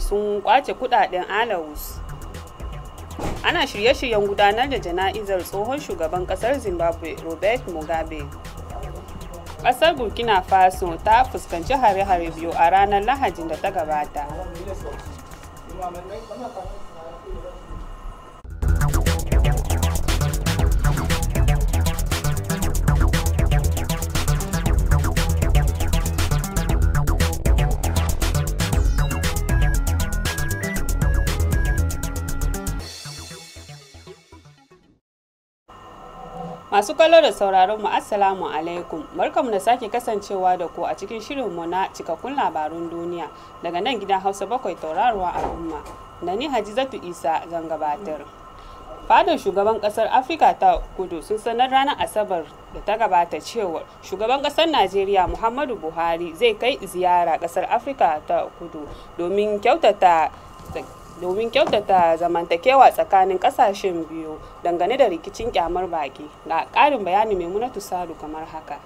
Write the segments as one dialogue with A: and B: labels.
A: sun kwace kudaden alawus
B: ana shirye-shiryen gudanar da jana'izar tsohon shugaban kasar zimbabwe robert mugabe kasar burkina faso ta fuskanci hare-hare biyu a ranar lahajin da ta gabata Masu kallo da sauraron mu Assalamu alaikum. Barkamu da sake kasancewa da ku a cikin shirin mu na cikakkun labarun duniya daga nan gidan Hausa bakwai tauraruwa umma Da ni Hajizatu Isa zan gabatar. Fadar shugaban kasar Afirka ta kudu sun sanar ranar Asabar da ta gabata cewa shugaban kasar Najeriya Muhammadu Buhari zai kai ziyara kasar Afirka ta kudu domin kyautata domin kyautata zamantakewa tsakanin kasashen biyu dangane da rikicin kyamar baki ga karin bayani mai munatu salu kamar haka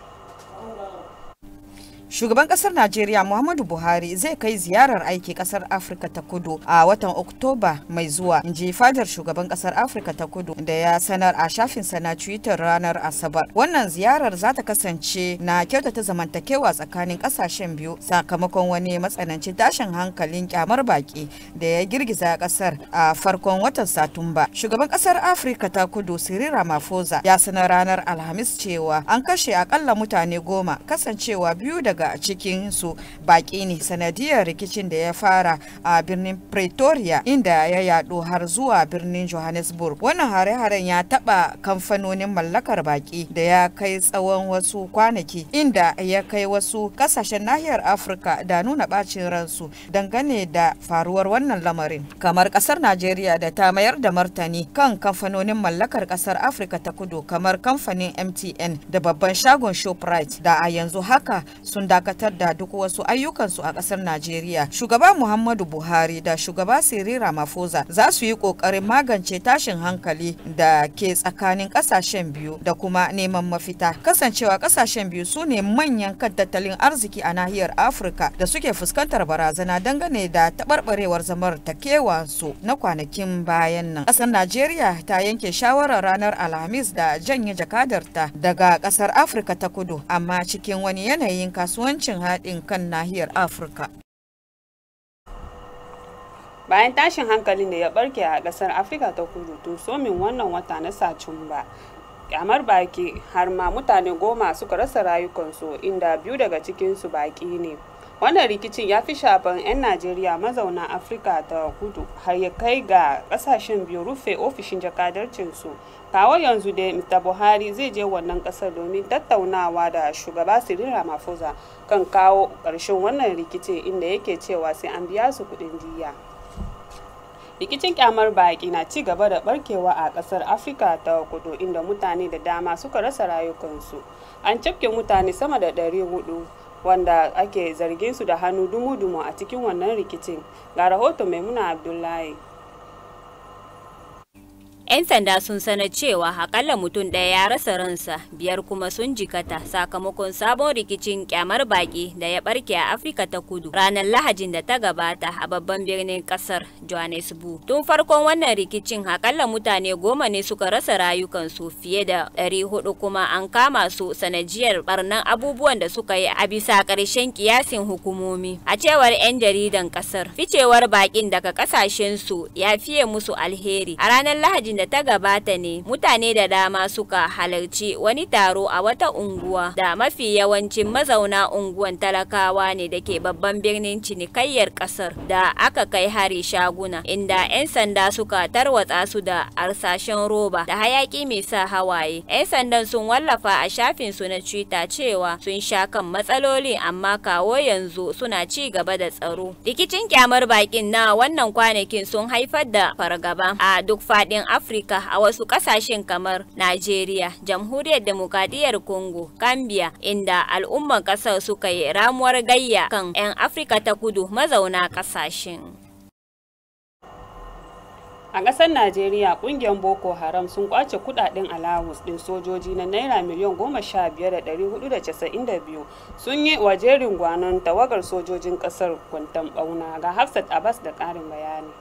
A: Shugaban kasar Najeriya Muhammadu Buhari zai kai ziyarar aiki ƙasar Afirka ta Kudu a watan Oktoba mai zuwa, inji fadar shugaban ƙasar Afirka ta Kudu da ya sanar a shafin na Twitter ranar Asabar. Wannan ziyarar za ta kasance na kyautata zamantakewa tsakanin ƙasashen biyu sakamakon wani matsanancin tashin hankalin kyamar baki da ya girgiza ƙasar a farkon watan Satumba. Shugaban ƙasar Afirka ta Kudu Cyril Ramaphosa ya sanar ranar Alhamis cewa an kashe akalla mutane goma kasancewa biyu daga daga cikin su baƙi ne sanadiyar rikicin da ya fara a birnin pretoria inda ya yadu har zuwa birnin johannesburg wannan hare-haren ya taɓa kamfanonin mallakar baƙi da ya kai tsawon wasu kwanaki inda ya kai wasu ƙasashen nahiyar afirka da nuna bacin ransu dangane da faruwar wannan lamarin kamar kasar najeriya da ta mayar da martani kan kamfanonin mallakar kasar afirka ta kudu kamar kamfanin mtn da babban shagon shoprite da a yanzu haka sun dakatar da duk wasu ayyukansu a ƙasar Najeriya. Shugaba Muhammadu Buhari da shugaba Siri Ramaphosa za su yi ƙoƙarin magance tashin hankali da ke tsakanin ƙasashen biyu da kuma neman mafita. Kasancewa ƙasashen biyu su ne manyan kan tattalin arziki a nahiyar Afirka da suke fuskantar barazana dangane da taɓarɓarewar kewansu na kwanakin bayan nan. Ƙasar Najeriya ta yanke shawarar ranar Alhamis da janye jakadarta daga ƙasar Afirka ta kudu amma cikin wani yanayin kasuwanci kasuwancin haɗin kan nahiyar afirka
B: bayan tashin hankalin da ya barke a ƙasar afirka ta kudu tun somin wannan wata na sacumba kyamar baki har ma mutane goma suka rasa rayukansu inda biyu daga cikinsu baki ne wannan rikicin ya fi shafan 'yan najeriya mazauna afirka ta kudu har ya kai ga kasashen biyu rufe ofishin jakadarcinsu kawo yanzu da mr buhari zai je wannan kasar domin tattaunawa da shugaba cyril ramaphosa kan kawo ƙarshen wannan rikicin inda yake cewa sai an biya su kuɗin jiya rikicin kyamar baƙi na ci gaba da barkewa a ƙasar afirka ta kudu inda mutane da dama suka rasa rayukansu an cafke mutane sama da 400 wanda ake zargin su da hannu dumu-dumu a cikin wannan rikicin ga rahoton maimuna abdullahi
C: 'Yan sanda sun sana cewa hakalla mutum ɗaya ya rasa ransa, biyar kuma sun jikata sakamakon sabon rikicin kyamar baki da ya barke a Afirka ta kudu ranar Lahajin da ta gabata a babban birnin kasar Johannesburg. Tun farkon wannan rikicin hakalla mutane goma ne suka rasa rayukansu fiye da 400 kuma an kama su sanajiyar barnan abubuwan da suka yi a bisa ƙarshen kiyasin hukumomi. A cewar 'yan jaridan kasar, ficewar bakin daga ƙasashensu ya fiye musu alheri. A ranar Lahajin da ta gabata ne mutane da dama suka halarci wani taro a wata unguwa da mafi yawancin mazauna unguwan talakawa ne da ke babban birnin cinikayyar kasar da aka kai hari shaguna inda 'yan sanda suka tarwatsa su da arsashen roba da hayaki mai sa hawaye 'yan sandan sun wallafa a shafin su na twitter cewa sun sha kan matsaloli, amma kawo yanzu suna ci gaba da tsaro rikicin kyamar bakin na wannan kwanakin sun haifar da fargaba a duk faɗin afirka Afirka a wasu ƙasashen kamar Najeriya, Jamhuriyar Demokradiyyar Congo, Gambia, inda al'umman ƙasar suka yi ramuwar gayya kan 'yan afrika ta kudu mazauna kasashen.
B: A ƙasar Najeriya ƙungiyar Boko Haram sun kwace kudaden alawus ɗin sojoji na Naira miliyan goma sha biyar da ɗari hudu da casa'in da biyu sun yi waje gwanon tawagar sojojin ƙasar kwantan ɓauna ga Hafsat Abbas da ƙarin bayani.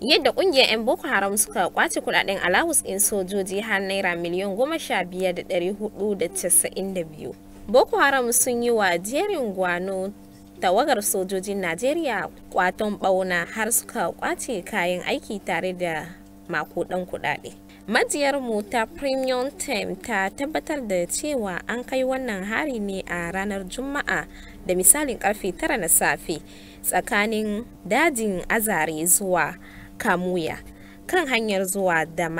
D: yadda kungiyar 'yan boko haram suka kwace kudaden alawus ɗin sojoji har naira miliyan goma sha biyar da dari hudu da casa'in da biyu boko haram sun yi wa jerin gwano tawagar sojojin najeriya kwaton bauna har suka kwace kayan aiki tare da makudan kudade mu ta premium time ta tabbatar da cewa an kai wannan hari ne a ranar juma'a da misalin karfe 9 na safe tsakanin dajin azare zuwa kamuya kan hanyar zuwa da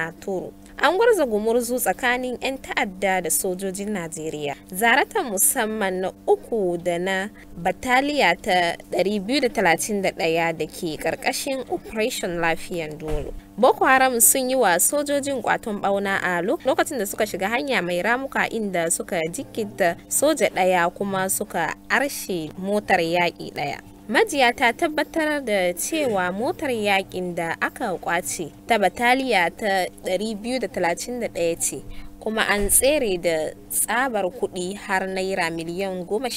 D: an gwarza gumurzu tsakanin 'yan ta'adda da sojojin najeriya zaratan musamman na uku da na bataliya ta 231 da ke karkashin operation lafiyan dolo boko haram sun yi wa sojojin kwaton bauna a lokacin da suka shiga hanya mai ramuka inda suka jikita soja daya kuma suka arshe motar yaƙi daya majiya ta tabbatar da cewa motar yakin da aka kwace ta bataliya ta 231 ce kuma an tsere da tsabar kuɗi har naira miliyan goma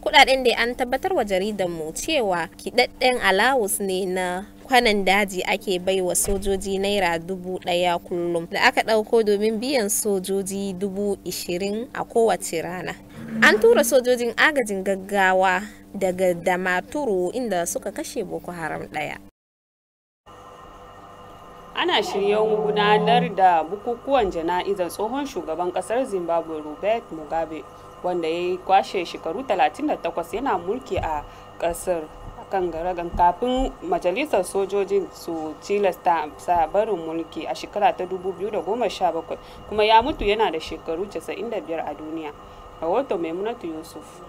D: kudaden da an tabbatar wa jaridar mu cewa kiɗaɗɗen alawus ne na kwanan daji ake bai wa sojoji naira dubu ɗaya kullum da aka ɗauko domin biyan sojoji dubu ishirin a kowace rana an tura sojojin agajin gaggawa daga damaturu inda suka kashe boko haram ɗaya
B: ana shirya gudanar da bukukuwan jana'izar tsohon shugaban kasar zimbabwe robert mugabe wanda ya yi kwashe shekaru 38 yana mulki a kasar kan garagan kafin majalisar sojojin su tilasta sabarin mulki a shekara ta 2017 kuma ya mutu yana da shekaru 95 a duniya awoto memunatu yusufu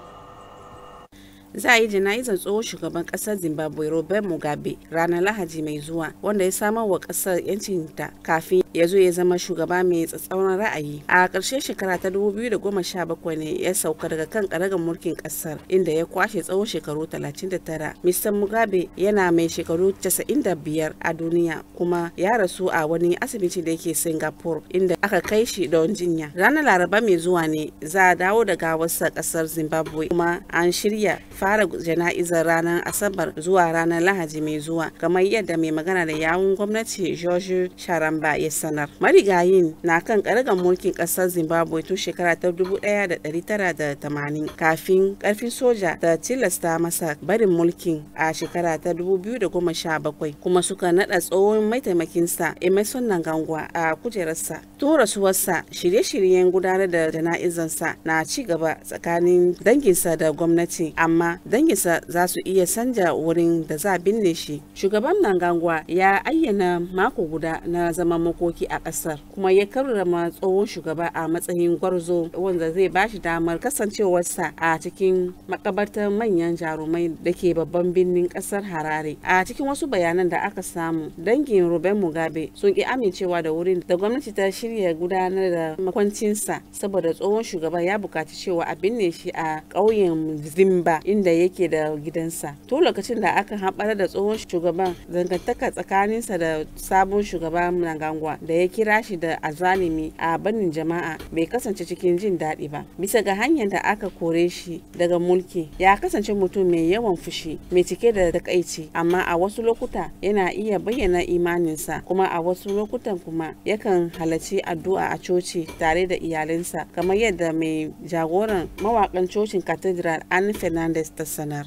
E: za a yi jana'izar tsohon shugaban kasar zimbabwe robert mugabe ranar lahadi mai zuwa wanda ya samar wa kasar yancinta kafin ya zo ya zama shugaba mai tsatsauran ra'ayi a ƙarshen shekara ta 2017 ne ya sauka daga kan karagar mulkin kasar inda ya kwashe tsawon shekaru 39 mr mugabe yana mai shekaru 95 a duniya kuma ya rasu a wani asibiti da yake singapore inda aka kai shi don jinya ranar laraba mai zuwa ne za a dawo da gawarsa kasar zimbabwe kuma an shirya fara jana'izar ranar Asabar zuwa ranar Lahadi mai zuwa kamar yadda mai magana da yawun gwamnati George Sharamba ya sanar. Marigayin na kan karagar mulkin kasar Zimbabwe tun shekara ta 1980 kafin karfin soja ta tilasta masa barin mulkin a shekara ta 2017 kuma suka nada tsohon mataimakinsa Emerson Nangangwa a kujerarsa. Tun rasuwarsa shirye-shiryen gudanar da jana'izansa na ci gaba tsakanin danginsa da gwamnati amma danginsa za su iya sanja wurin da za binne shi shugaban nangangwa ya ayyana mako guda na zama makoki a kasar kuma ya karrama tsohon shugaba a matsayin gwarzo wanda zai bashi damar kasancewarsa a cikin makabartar manyan jarumai da ke babban birnin kasar harare a cikin wasu bayanan da aka samu dangin ruben mugabe sun ki amincewa da wurin da gwamnati ta shirya gudanar da makwancinsa saboda tsohon shugaba ya bukaci cewa a binne shi a ƙauyen zimba in inda yake da gidansa to lokacin da aka haɓar da tsohon shugaban zangantaka tsakaninsa da sabon shugaban mnangagwa da ya kira shi da azalimi a banin jama'a bai kasance cikin jin daɗi ba bisa ga hanyar da aka kore shi daga mulki ya kasance mutum mai yawan fushi mai cike da takaici amma a wasu lokuta yana iya bayyana imaninsa kuma a wasu lokutan kuma yakan halarci addu'a a coci tare da iyalinsa kamar yadda mai jagoran mawakan cocin cathedral anne fernandez ta sanar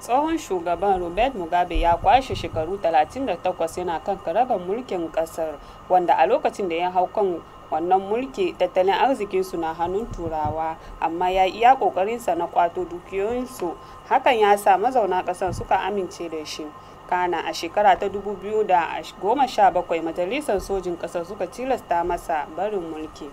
B: tsohon shugaban robert mugabe ya kwashe shekaru 38 yana kan karagar mulkin kasar wanda a lokacin da ya hau kan wannan mulki tattalin arzikinsu na hannun turawa amma ya iya kokarinsa na kwato dukiyoyinsu hakan ya sa mazauna kasar suka amince da shi kana a shekara ta 2017 majalisar sojin kasar suka tilasta masa barin mulki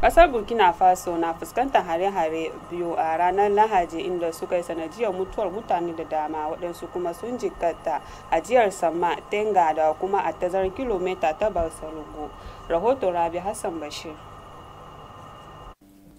B: kasar burkina faso na fuskantar hare-hare biyu a ranar lahaji inda suka yi sanadiyar mutuwar mutane da dama waɗansu kuma sun jikata a jiyar sama tenga da kuma a tazar kilomita ta barsalugu rahoton rabi hassan bashir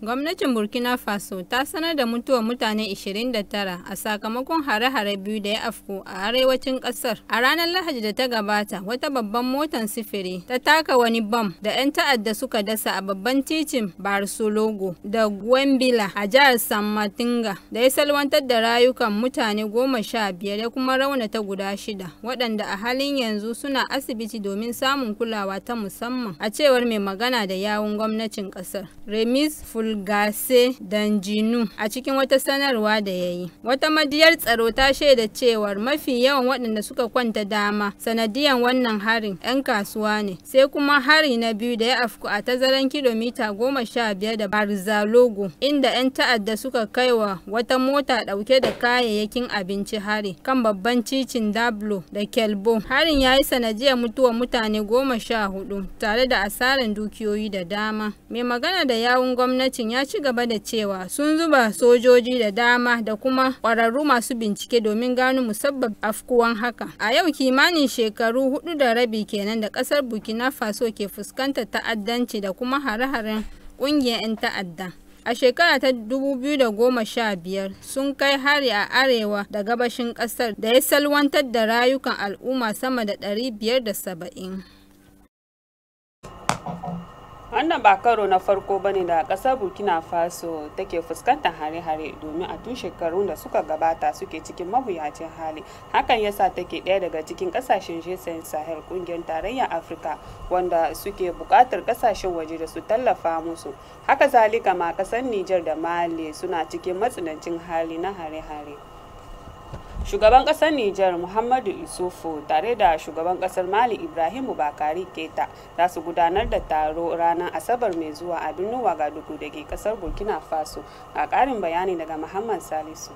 F: Gwamnatin Burkina Faso ta sanar da mutuwar mutane 29 a sakamakon hare-hare biyu da ya afko a arewacin kasar. A ranar Lahadi da ta gabata, wata babban motar sifiri ta taka wani bam da 'yan ta'adda suka dasa a babban titin Barsulogo da Gwembila a jihar San martinga da ya salwantar da rayukan mutane goma sha biyar ya kuma raunata guda shida, waɗanda a halin yanzu suna asibiti domin samun kulawa ta musamman, a cewar mai magana da yawun gwamnatin kasar Remis Ful gase Danjinu a cikin wata sanarwa da ya yi. Wata madiyar tsaro ta shaida cewar mafi yawan waɗanda suka kwanta dama sanadiyan wannan harin 'yan kasuwa ne, sai kuma hari na biyu da ya afku a tazaran kilomita goma sha biyar da Barzalogo inda 'yan ta'adda suka kaiwa wata mota ɗauke da kayayyakin abinci hari kan babban cicin Dablo da Kelbo. Harin ya yi sanadiyar mutuwar mutane goma sha hudu tare da asarar dukiyoyi da dama. Mai magana da yawun gwamnati Rashin ya ci gaba da cewa sun zuba sojoji da dama da kuma ƙwararru masu bincike domin gano musabbab afkuwan haka. A yau kimanin shekaru hudu da rabi kenan da ƙasar Burkina Faso ke fuskantar ta'addanci da kuma hare-haren ƙungiyar 'yan ta'adda. A shekara ta 2015 sun kai hari a arewa da gabashin ƙasar da ya salwantar da rayukan al'umma sama da 570.
B: wannan ba karo na farko bane da kasar burkina faso take fuskantar hare-hare domin a tun shekarun da suka gabata suke cikin mabuyacin hali hakan yasa take ɗaya daga cikin kasashen jason sahel kungiyar tarayyar afirka wanda suke buƙatar kasashen waje da su tallafa musu haka zalika ma kasar niger da mali suna cikin matsanancin hali na hare-hare shugaban kasar nijar muhammadu isufu tare da shugaban kasar mali Ibrahim bakari keta za su gudanar da taro ranar asabar mai zuwa a birnin wagadugu da ke kasar burkina faso a karin bayani daga muhammad salisu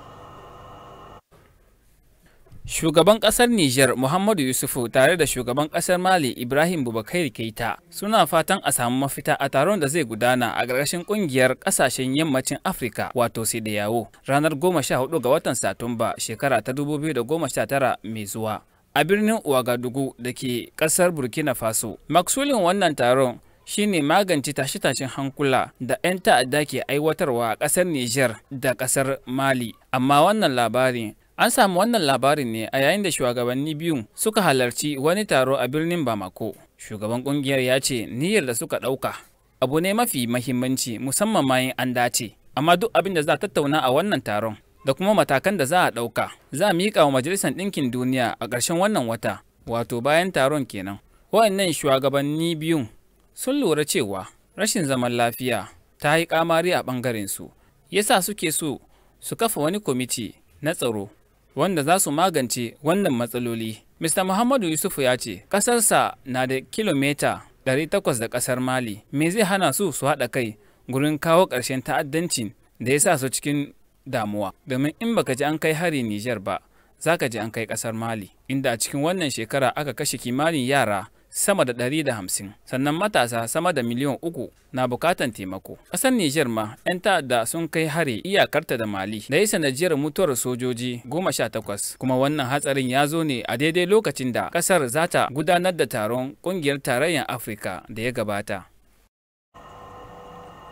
G: Shugaban ƙasar Nijar Muhammadu Yusufu tare da shugaban ƙasar Mali Ibrahim Bubakar Keita suna fatan a samu mafita a taron da zai gudana a ƙarƙashin ƙungiyar ƙasashen yammacin Afirka wato yawo ranar 14 ga watan Satumba shekara ta 2019 mai zuwa. A birnin Ouagadougou da ke ƙasar Burkina Faso. Maksulin wannan taron shine magance tashe-tashen hankula da 'yan ta'adda ke aiwatarwa a ƙasar Nijar da ƙasar Mali. Amma wannan labarin An samu wannan labarin ne a yayin da shugabanni biyun suka halarci wani taro a birnin Bamako. Shugaban kungiyar ya ce niyyar da suka ɗauka abu ne mafi mahimmanci musamman ma an dace. Amma duk abin da za a tattauna a wannan taron da kuma matakan da za a ɗauka za a miƙa wa Majalisar Ɗinkin Duniya a ƙarshen wannan wata, wato bayan taron kenan. Wa'annan shugabanni biyun sun lura cewa rashin zaman lafiya ta yi ƙamari a ɓangaren su yasa suke so su kafa wani kwamiti na tsaro wanda za su magance wannan matsaloli. Mr. Muhammadu Yusufu ya ce, ƙasarsa na da kilomita 800 da ƙasar Mali, me zai hana su su haɗa kai gurin kawo ƙarshen ta'addancin da ya sa su cikin damuwa. Domin in baka ji an kai hari Nijar ba, za ka ji an kai ƙasar Mali, inda a cikin wannan shekara aka kashe kimanin yara sama da ɗari da hamsin sannan matasa sama da miliyan uku na bukatan taimako ƙasar Nijar ma 'yan ta'adda sun kai hari iyakarta da mali da ya sanadiyar mutuwar sojoji goma sha takwas kuma wannan hatsarin ya zo ne a daidai lokacin da ƙasar za ta gudanar da taron ƙungiyar tarayyan afirka da ya gabata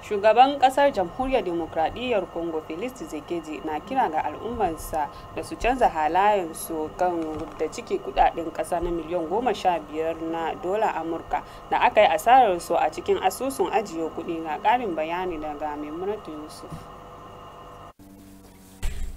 B: shugaban kasar jamhuriyar demokradiyyar congo felix zekeji na kira ga al'ummansa da su canza halayensu kan da ciki kudaden kasa na miliyan goma sha biyar na dola amurka da aka yi asararsu a cikin asusun ajiye kudi na karin bayani daga mai yusuf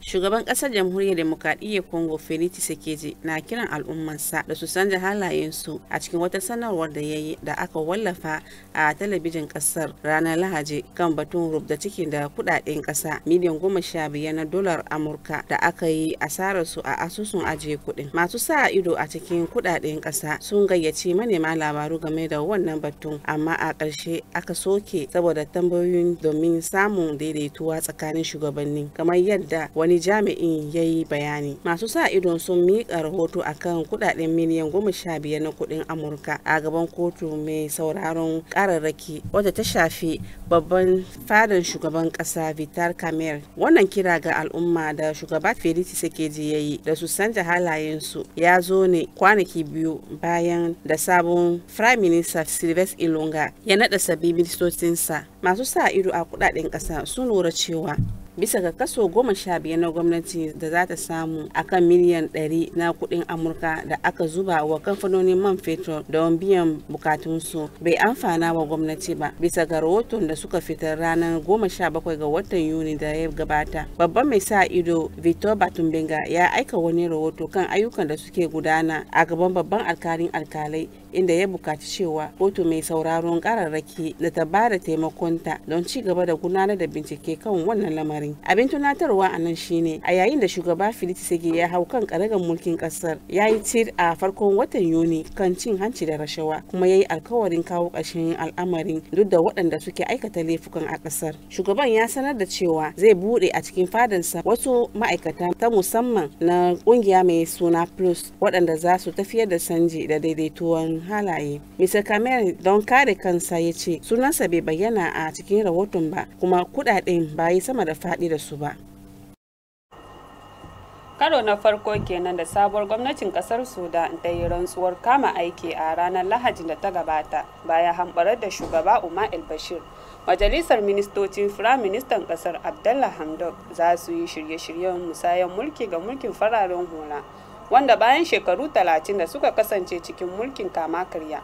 E: shugaban kasar jamhuriyar demokradiyyar congo felix sekeje na kiran al'ummansa da su canza halayensu a cikin wata sanarwar da ya yi da aka wallafa a talabijin kasar ranar lahaji kan batun da ciki da kudaden kasa miliyan goma sha biyar na dolar amurka da aka yi asararsu a asusun ajiye kudin masu sa ido a cikin kudaden kasa sun gayyaci manema labaru game da wannan batun amma a ƙarshe aka soke saboda tambayoyin domin samun daidaituwa tsakanin shugabanni kamar yadda wani jami'in ya yi bayani masu sa ido sun miƙa rahoto akan kudaden miliyan goma sha biyar na kudin amurka a gaban kotu mai sauraron kararraki wadda ta shafi babban fadan shugaban ƙasa vitar kamer wannan kira ga al'umma da shugaba felix sekeji ya yi da su sanja halayensu ya zo ne kwanaki biyu bayan da sabon prime minister ilunga ilonga ya nada sabbin ministocinsa masu sa ido a kudaden ƙasa sun lura cewa bisa ga kaso goma sha biyar na gwamnati da za ta samu akan miliyan ɗari na kuɗin amurka da aka zuba wa kamfanonin man fetur don biyan bukatunsu bai amfana wa gwamnati ba bisa ga rahoton da suka fitar ranar goma sha bakwai ga watan yuni da ya gabata babban mai sa ido victor batumbenga ya aika wani rahoto kan ayyukan da suke gudana a gaban babban alkalin alkalai inda ya bukaci cewa kotu mai sauraron ƙararraki da ta ba da taimakonta don ci gaba da gudanar da bincike kan wannan lamarin abin tunatarwa a nan shine a yayin da shugaba Philip Sege ya hau kan karagar mulkin ƙasar ya yi tir a farkon watan Yuni kan cin hanci da rashawa kuma ya yi alkawarin kawo ƙarshen al'amarin duk da waɗanda suke aikata laifukan a ƙasar shugaban ya sanar da cewa zai buɗe a cikin fadansa wasu ma'aikata ta musamman na ƙungiya mai suna plus waɗanda za su tafiyar da sanji da daidaituwan miyagun halaye mr Cameron don kare kansa ya ce sunansa bai bayyana a cikin rahoton ba kuma kudaden ba yi sama da faɗi da su ba
B: karo na farko kenan da sabuwar gwamnatin kasar sudan ta yi rantsuwar kama aiki a ranar lahajin da ta gabata bayan hamɓarar da shugaba umar el-bashir majalisar ministocin firaministan kasar abdallah hamdok za su yi shirye-shiryen musayan mulki ga mulkin fararen hula wanda bayan shekaru talatin da suka kasance cikin mulkin kama karya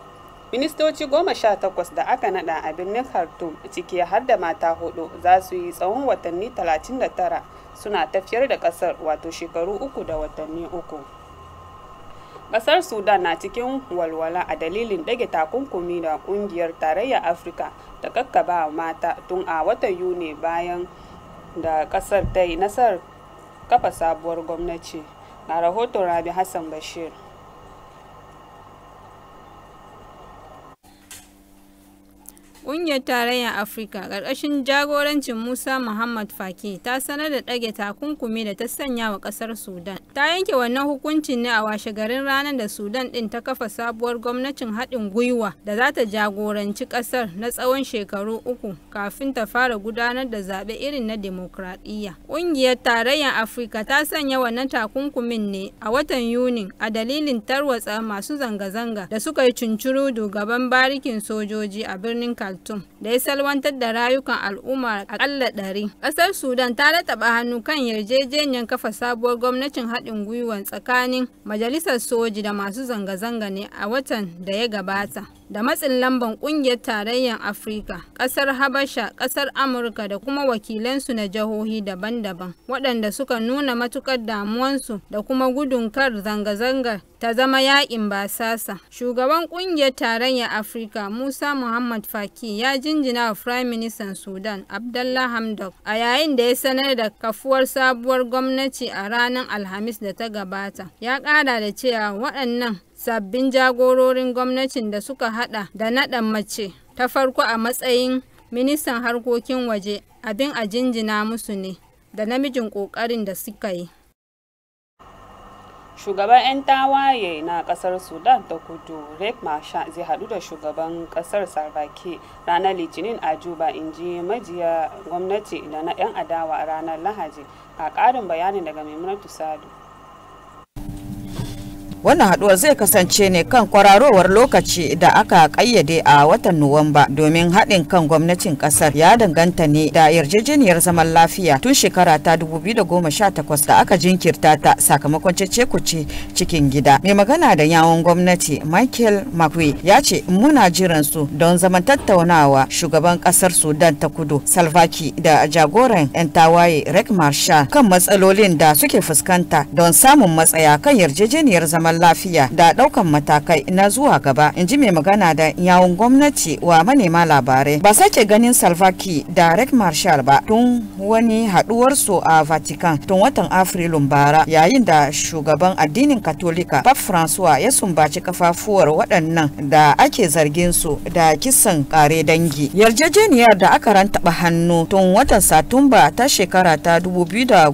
B: ministoci goma sha takwas da aka nada a birnin khartoum ciki har da mata hudu za su yi tsawon watanni 39 suna tafiyar da kasar wato shekaru uku da watanni uku kasar sudan na cikin walwala a dalilin dage takunkumi da kungiyar tarayyar afirka ta kakkaba mata tun a watan yuni bayan da kasar ta yi nasarar kafa sabuwar gwamnati a rahoton rabi hassan bashir
F: Ƙungiyar Tarayyar Afirka ƙarƙashin jagorancin Musa Muhammad fake ta sanar da ɗage takunkumi da ta sanya wa ƙasar Sudan. Ta yanke wannan hukuncin ne a washe garin ranar da Sudan ɗin ta kafa sabuwar gwamnatin haɗin gwiwa da za ta jagoranci ƙasar na tsawon shekaru uku kafin ta fara gudanar da zaɓe irin na dimokuraɗiyya Ƙungiyar Tarayyar Afirka ta sanya wannan takunkumin ne a watan Yuni, a dalilin tarwatsa masu zanga-zanga da suka yi cuncuru gaban barikin sojoji a birnin Kano. Khartoum da ya salwantar da rayukan al'umma akalla ɗari. Ƙasar Sudan ta taɓa hannu kan yarjejeniyar kafa sabuwar gwamnatin haɗin gwiwa tsakanin majalisar soji da masu zanga-zanga ne a watan da ya gabata. Da matsin lamban ƙungiyar tarayyar Afirka, ƙasar Habasha, ƙasar Amurka da kuma wakilansu na jihohi daban-daban waɗanda suka nuna matuƙar damuwansu da kuma gudun kar zanga zanga ta zama yaƙin basasa. Shugaban ƙungiyar tarayyar Afirka Musa Muhammad Faki mulki ya jinjina wa Firayim Ministan Sudan Abdallah Hamdok a yayin da ya sanar da kafuwar sabuwar gwamnati a ranar Alhamis da ta gabata. Ya ƙara da cewa waɗannan sabbin jagororin gwamnatin da suka hada da naɗa mace ta farko a matsayin ministan harkokin waje abin a jinjina musu ne da namijin ƙoƙarin da suka yi.
B: shugaban 'yan tawaye na kasar sudan ta kudu rek masha zai hadu da shugaban kasar sarvaki ranar litinin a juba in ji majiya gwamnati da na 'yan adawa ranar lahaji a karin bayanin daga maimunatu sadu
A: wannan haduwar zai kasance ne kan kwararowar lokaci da aka kayyade a watan nuwamba domin haɗin kan gwamnatin ƙasar ya danganta ne da yarjejeniyar zaman lafiya tun shekara ta 2018 da aka jinkirta ta sakamakon cece-kuce cikin gida mai magana da yawon gwamnati michael mcwee ya ce muna jiran su don zaman tattaunawa shugaban ƙasar sudan ta kudu salvaki da jagoran 'yan tawaye rek marshal kan matsalolin da suke fuskanta don samun matsaya kan yarjejeniyar zaman zaman lafiya da ɗaukan matakai na zuwa gaba in ji mai magana da yawon gwamnati wa manema labarai ba sake ganin salvaki da rek marshal ba tun wani haɗuwarsu a vatican tun watan afrilun bara yayin da shugaban addinin katolika pap francois ya sumbaci kafafuwar waɗannan da ake zargin su da kisan kare dangi yarjejeniyar da aka rantaba hannu tun watan satumba ta shekara ta 2018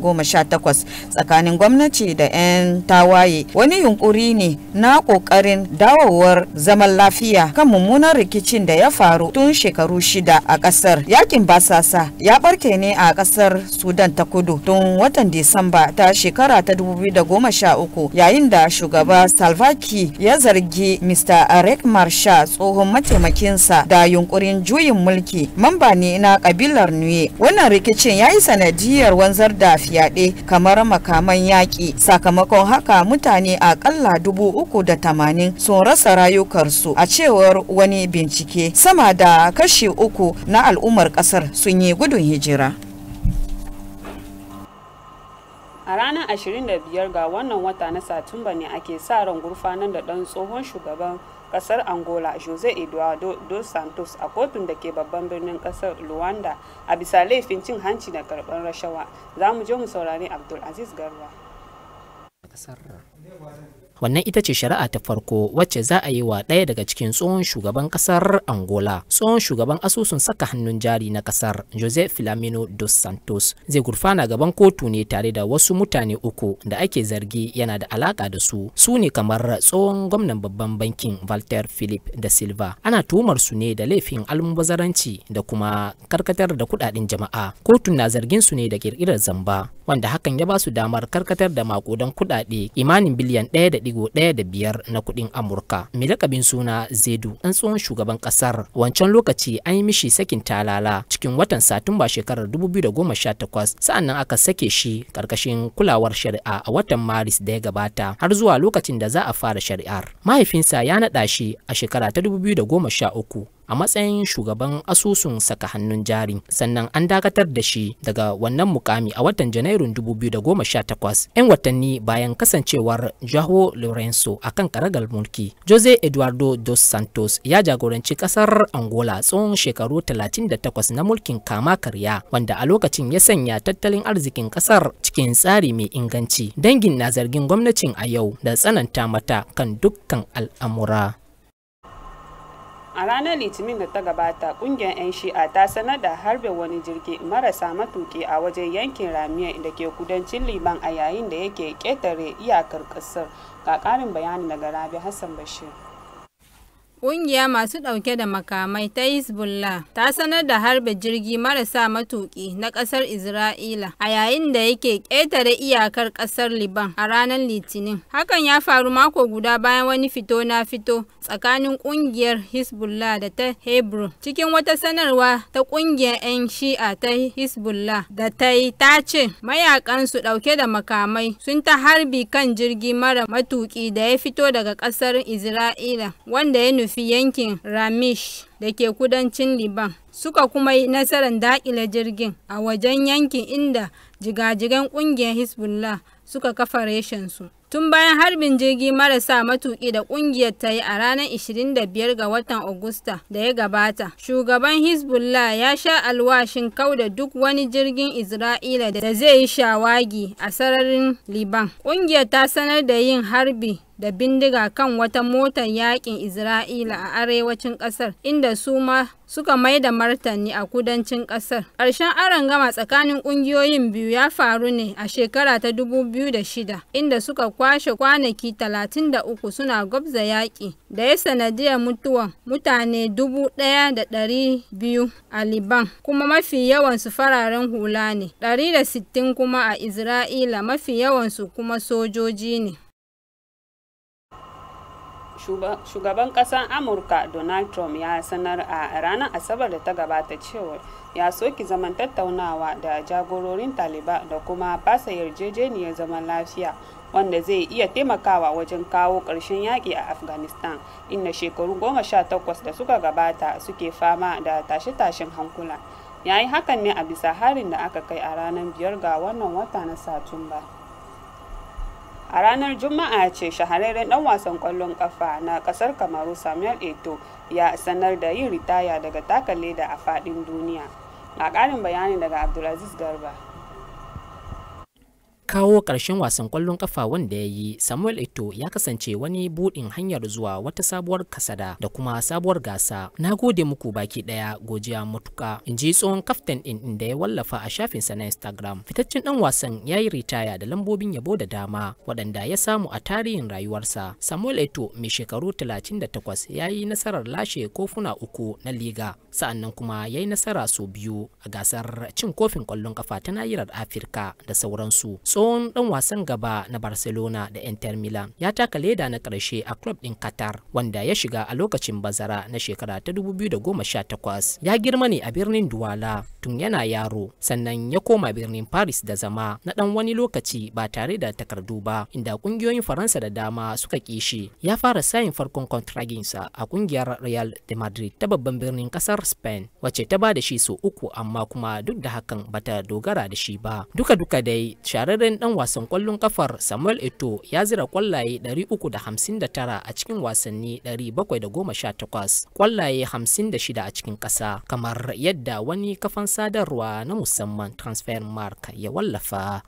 A: tsakanin gwamnati da 'yan tawaye wani yunkuri yunkuri ne na kokarin dawowar zaman lafiya kan mummunan rikicin da ya faru tun shekaru shida a kasar yakin basasa ya barke ne a ƙasar sudan ta kudu tun watan disamba ta shekara ta 2013 yayin da shugaba salvaki ya zargi mr arek marsha tsohon mataimakinsa da yunƙurin juyin mulki mamba ne na ƙabilar nuye wannan rikicin ya yi sanadiyar wanzar da fyaɗe kamar makaman yaƙi sakamakon haka mutane a akalla dubu uku da tamanin sun rasa rayukarsu a cewar wani bincike sama da kashi uku na al'ummar kasar sun yi gudun hijira.
B: a ranar 25 ga wannan wata na satumba ne ake sa ran gurfanar da ɗan tsohon shugaban kasar angola jose eduardo dos santos a kotun da ke babban birnin kasar luwanda a bisa laifin cin hanci da karɓar rashawa za mu je mu saurari abdulaziz garba
H: wannan ita ce shari'a ta farko wacce za a yi wa ɗaya daga cikin tsohon shugaban ƙasar angola tsohon shugaban asusun saka hannun jari na ƙasar jose filamino dos santos zai gurfana gaban kotu ne tare da wasu mutane uku da ake zargi yana da alaƙa da su su ne kamar tsohon gwamnan babban bankin walter philip da silva ana tuhumar su ne da laifin almubazaranci da kuma karkatar da kudaden jama'a kotun na zargin su ne da kirkirar zamba wanda hakan ya ba su damar karkatar da makudan kuɗaɗe imanin biliyan 1.15 na kuɗin Amurka. Mai lakabin suna zedu ɗan tsohon shugaban ƙasar wancan lokaci an yi mishi sakin talala cikin watan Satumba shekarar 2018 nan aka sake shi karkashin kulawar shari'a a watan Maris da ya gabata har zuwa lokacin da za a fara shari'ar. Mahaifinsa ya naɗa shi a shekara ta 2013 a matsayin shugaban asusun saka hannun jari sannan an dakatar da shi daga wannan mukami a watan janairun 2018 'yan watanni bayan kasancewar jaho lorenzo a kan karagal mulki jose eduardo dos santos ya jagoranci kasar angola tsawon shekaru 38 na mulkin kama karya wanda a lokacin ya sanya tattalin arzikin kasar cikin tsari mai inganci dangin na zargin gwamnatin a yau da tsananta mata kan dukkan al'amura
B: a ranar litinin da ta gabata kungiyar 'yan shi'a ta sanar da harbe wani jirgi marasa matuƙi a wajen yankin ramiya da ke kudancin liban a yayin da yake ketare iyakar ƙasar, ga karin bayani daga rabi hassan bashir
F: Ƙungiya masu ɗauke da makamai ta Hezbollah ta sanar da harba jirgi marasa matuƙi na ƙasar Isra'ila a yayin da yake ƙetare iyakar ƙasar Liban a ranar Litinin. Hakan ya faru mako guda bayan wani fito na fito tsakanin ƙungiyar Hezbollah da ta Hebrew. Cikin wata sanarwa ta ƙungiyar 'yan Shi'a ta Hezbollah da ta yi ta ce su ɗauke da makamai sun ta harbi kan jirgi mara matuƙi da ya fito daga ƙasar Isra'ila wanda ya nufi. nufi yankin Ramish da ke kudancin Liban, suka kuma yi nasarar daƙile jirgin a wajen yankin inda jigajigan ƙungiyar Hezbollah suka kafa reshensu. Tun bayan harbin jirgi marasa matuƙi da ƙungiyar ta yi a ranar 25 ga watan Agusta da ya gabata, shugaban Hezbollah ya sha alwashin kauda duk wani jirgin Isra'ila da zai yi shawagi a sararin Liban. Ƙungiyar ta sanar da yin harbi da bindiga kan wata motar yakin Isra'ila a arewacin ƙasar, inda su ma suka mai da martani a kudancin ƙasar. Ƙarshen aron gama tsakanin ƙungiyoyin biyu ya faru ne a shekara ta 2006, inda suka kwashe kwanaki 33 suna gwabza yaƙi da ya sanadiyar mutuwan mutane 1,200 a Liban, kuma mafi yawansu fararen hula ne, 160 kuma a Isra'ila mafi yawansu kuma sojoji ne.
B: shugaban ƙasar amurka donald trump ya sanar a ranar asabar da ta gabata cewa ya soki zaman tattaunawa da jagororin taliba da kuma fasa yarjejeniyar zaman lafiya wanda zai iya taimakawa wajen kawo ƙarshen yaƙi a afghanistan inda shekaru goma sha takwas da suka gabata suke fama da tashe-tashen hankula ya yi hakan ne a bisa harin da aka kai a ranar biyar ga wannan wata na satumba a ranar juma'a ce shahararren dan wasan kwallon kafa na kasar kamaru samuel eto ya sanar da yin ritaya daga taka leda a fadin duniya a karin bayani daga abdulaziz garba
H: kawo ƙarshen wasan ƙwallon ƙafa wanda ya yi samuel eto ya kasance wani buɗin hanyar zuwa wata sabuwar kasada da kuma sabuwar gasa na gode muku baki ɗaya gojiya matuka in ji tsohon kaftan ɗin inda ya wallafa a shafinsa na instagram fitaccen ɗan wasan ya yi ritaya da lambobin yabo da dama waɗanda ya samu a tarihin rayuwarsa samuel eto mai shekaru 38 ya yi nasarar lashe kofuna uku na liga sa'annan kuma ya yi nasara sau biyu a gasar cin kofin ƙwallon ƙafa ta nahirar afirka da sauransu tsohon dan wasan gaba na barcelona da inter milan ya taka leda na ƙarshe a club din qatar wanda ya shiga a lokacin bazara na shekara ta 2018 ya girma ne a birnin duwala tun yana yaro sannan ya koma birnin paris da zama na dan wani lokaci ba tare da takardu ba inda kungiyoyin faransa da dama suka kishi ya fara sayin farkon kontraginsa a kungiyar real de madrid ta babban birnin kasar spain wacce ta ba da shi so uku amma kuma duk da hakan bata dogara da shi ba duka duka dai shararren shahararren ɗan wasan ƙwallon ƙafar Samuel Eto ya zira kwallaye 359 a cikin wasanni 718, ƙwallaye 56 a cikin ƙasa, kamar yadda wani kafan sadarwa na musamman Mark ya wallafa.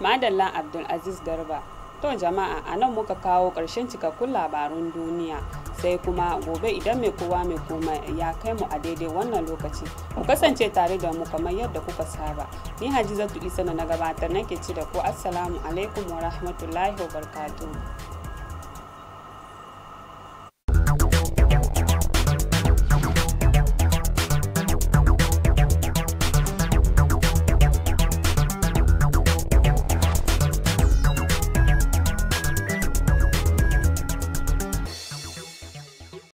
B: Madalla Abdulaziz Garba To jama'a a nan muka kawo ƙarshen cikakkun labarun duniya sai kuma gobe idan mai kowa mai koma ya kai mu a daidai wannan lokaci. Ku kasance tare da mu kamar yadda kuka saba. Ni Hajizatu Isa na gabatar nake ci da ku assalamu alaikum wa rahmatullahi wa barkatu.